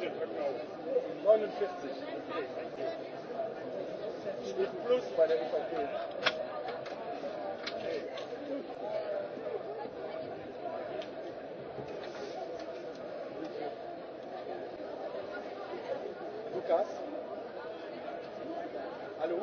Neunundvierzig. Plus bei der Lukas? Hallo?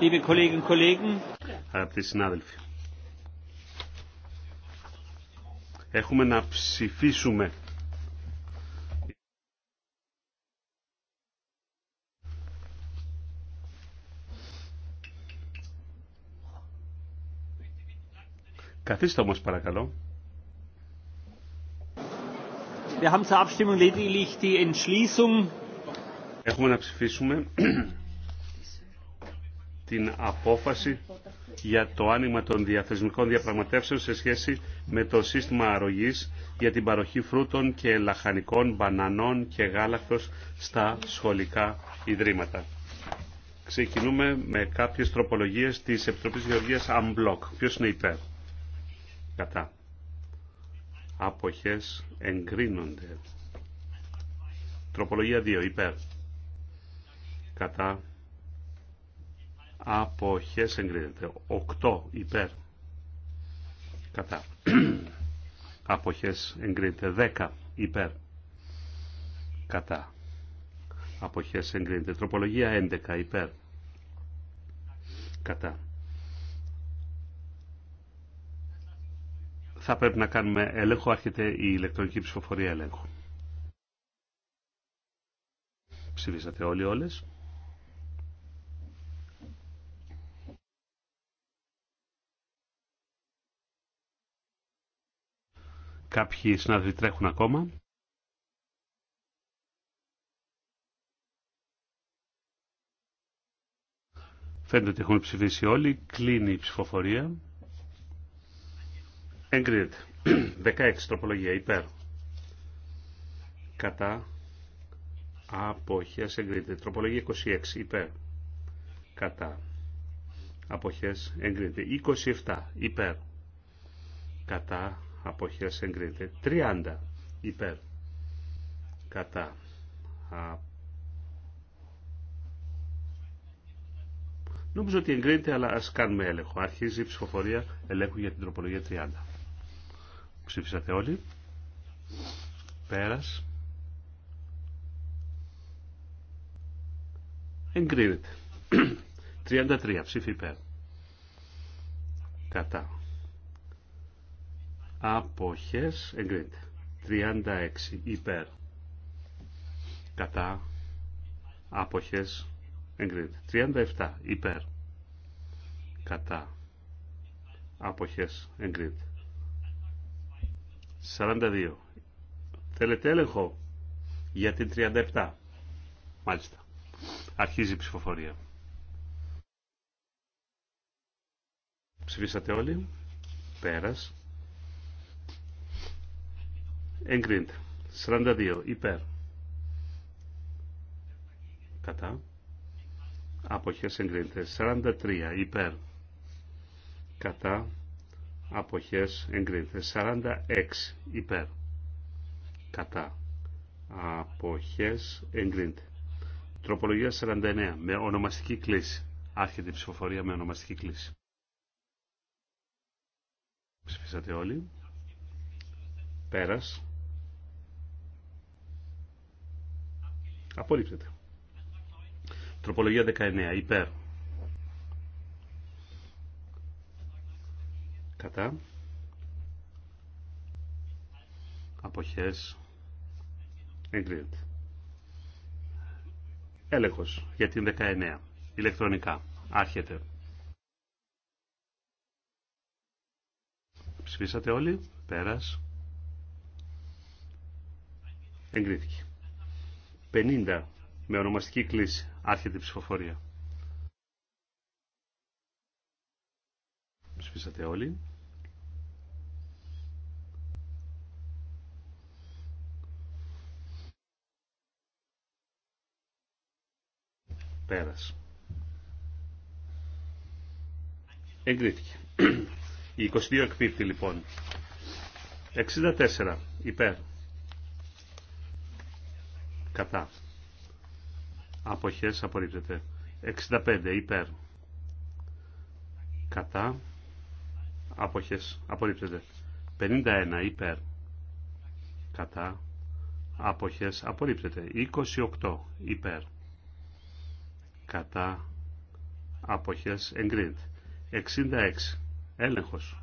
Liebe Kolleginnen und Kollegen. Αγαπητοί συνάδελφοι. Έχουμε να ψηφίσουμε Καθίστε όμως παρακαλώ. Wir haben zur Abstimmung lediglich die Entschließung. Έχουμε να ψηφίσουμε την απόφαση για το άνοιγμα των διαθεσμικών διαπραγματεύσεων σε σχέση με το σύστημα αρρωγής για την παροχή φρούτων και λαχανικών, μπανανών και γάλακτος στα σχολικά ιδρύματα. Ξεκινούμε με κάποιες τροπολογίες της Επιτροπής Γεωργίας Unblock. Ποιος είναι υπέρ. Κατά. Αποχές εγκρίνονται. Τροπολογία 2. Υπέρ. Κατά αποχές εγκρίνεται. 8 υπέρ κατά αποχές εγκρίνεται. 10 υπέρ κατά αποχές εγκρίνεται. Τροπολογία 11 υπέρ κατά. Θα πρέπει να κάνουμε έλεγχο, άρχεται η ηλεκτρονική ψηφοφορία έλεγχου. Ψηφίσατε όλοι όλες. Κάποιοι συνάδελφοι τρέχουν ακόμα. Φαίνεται ότι έχουν ψηφίσει όλοι. Κλείνει η ψηφοφορία. Εγκρίνεται. 16 τροπολογία υπέρ. Κατά. Αποχές εγκρίνεται. Τροπολογία 26 υπέρ. Κατά. Αποχές εγκρίνεται. 27 υπέρ. Κατά αποχές εγκρίνεται 30 υπέρ κατά α... Νομίζω ότι εγκρίνεται, αλλά ας κάνουμε έλεγχο. Αρχίζει η ψηφοφορία ελέγχου για την τροπολογία 30. Ψήφισατε όλοι. Πέρας. Εγκρίνεται. 33. Ψήφι υπέρ. Κατά αποχές εγκρίνεται 36 υπέρ κατά αποχές εγκρίνεται 37 υπέρ κατά αποχές εγκρίνεται 42 θέλετε έλεγχο για την 37 μάλιστα αρχίζει η ψηφοφορία ψηφίσατε όλοι πέρας Εγκρίνεται. 42 υπέρ. Κατά. Αποχές εγκρίνεται. 43 υπέρ. Κατά. Αποχές εγκρίνεται. 46 υπέρ. Κατά. Αποχές εγκρίνεται. Τροπολογία 49 με ονομαστική κλίση. Άρχεται η ψηφοφορία με ονομαστική κλίση. Ψηφίσατε όλοι. Πέρας. Απορρίπτεται. Τροπολογία 19. Υπέρ. Κατά. Αποχές. Εγκρίνεται. Έλεγχος για την 19. Ηλεκτρονικά. Άρχεται. Ψηφίσατε όλοι. Πέρας. Εγκρίθηκε. 50 με ονομαστική κλίση. Άρχεται η ψηφοφορία. Ψηφίσατε όλοι. Πέρας. Εγκρίθηκε. Η 22 εκπίπτει λοιπόν. 64 υπέρ κατά αποχές απορρίπτεται 65 υπέρ κατά αποχές απορρίπτεται 51 υπέρ κατά αποχές απορρίπτεται 28 υπέρ κατά αποχές εγκρίνεται 66 έλεγχος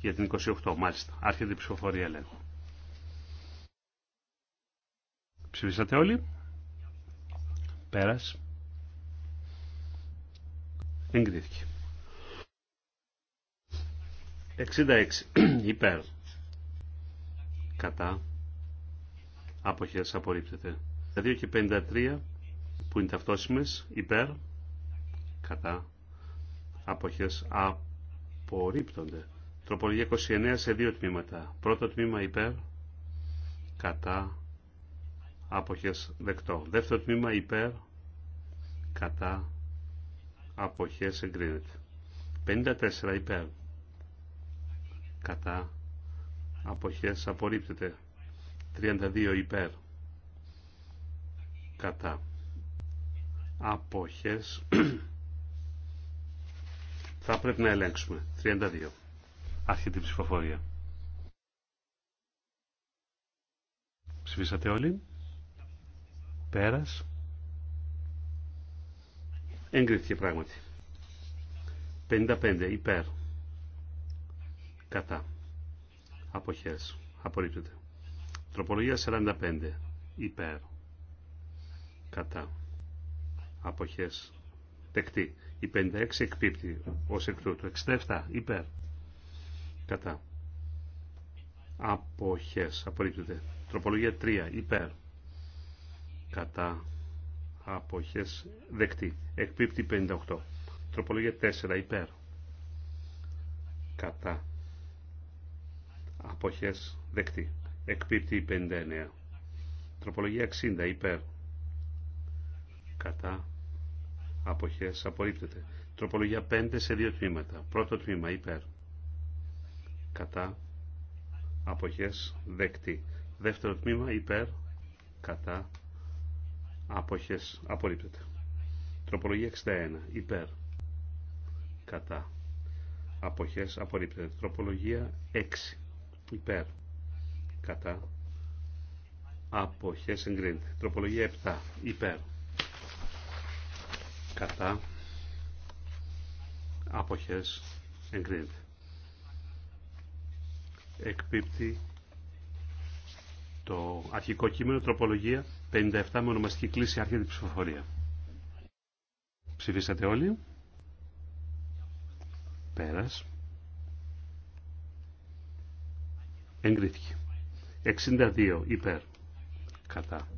για την 28 μάλιστα άρχεται η ψηφοφορία έλεγχου Ψηφίσατε όλοι. Πέρας. Εγκρίθηκε. 66. Υπέρ. Κατά. Αποχές απορρίπτεται. 2 και 53 που είναι ταυτόσιμες. Υπέρ. Κατά. Αποχές απορρίπτονται. Τροπολογία 29 σε δύο τμήματα. Πρώτο τμήμα υπέρ. Κατά αποχές δεκτό. Δεύτερο τμήμα υπέρ κατά αποχές εγκρίνεται. 54 υπέρ κατά αποχές απορρίπτεται. 32 υπέρ κατά αποχές θα πρέπει να ελέγξουμε. 32. Άρχεται η ψηφοφορία. Ψηφίσατε όλοι. Πέρας. Εγκρίθηκε πράγματι. 55 υπέρ. Κατά. Αποχές. Απορρίπτεται. Τροπολογία 45 υπέρ. Κατά. Αποχές. Τεκτή. Η 56 εκπίπτει ως εκ τούτου. 67 υπέρ. Κατά. Αποχές. Απορρίπτεται. Τροπολογία 3 υπέρ κατά αποχές δεκτή. Εκπίπτει 58. Τροπολογία 4 υπέρ κατά αποχές δεκτή. Εκπίπτει 59. Τροπολογία 60 υπέρ κατά αποχές απορρίπτεται. Τροπολογία 5 σε δύο τμήματα. Πρώτο τμήμα υπέρ κατά αποχές δεκτή. Δεύτερο τμήμα υπέρ κατά Αποχές απορρίπτεται. Τροπολογία 61. Υπέρ. Κατά. Αποχές απορρίπτεται. Τροπολογία 6. Υπέρ. Κατά. Αποχές εγκρίνεται. Τροπολογία 7. Υπέρ. Κατά. Αποχές εγκρίνεται. Εκπίπτει το αρχικό κείμενο τροπολογία 57 με ονομαστική κλίση άρχεται η ψηφοφορία. Ψηφίσατε όλοι. Πέρας. Εγκρίθηκε. 62 υπέρ. Κατά.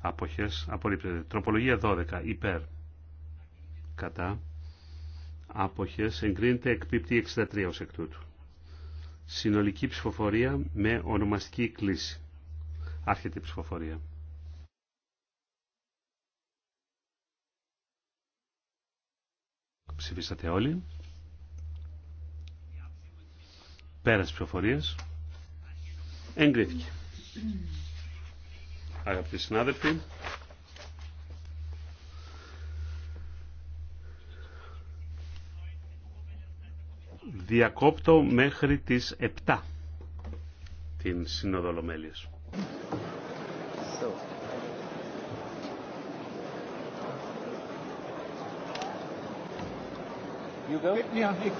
Αποχές. Απορρίπτεται. Τροπολογία 12 υπέρ. Κατά. Αποχές. Εγκρίνεται εκπίπτει 63 ως εκ τούτου. Συνολική ψηφοφορία με ονομαστική κλίση. Άρχεται η ψηφοφορία. Ψηφίσατε όλοι. Πέρασε πληροφορίε Εγκρίθηκε. Αγαπητοί συνάδελφοι, διακόπτω μέχρι τις 7 την Σύνοδο Λομέλειας. You go? Yeah.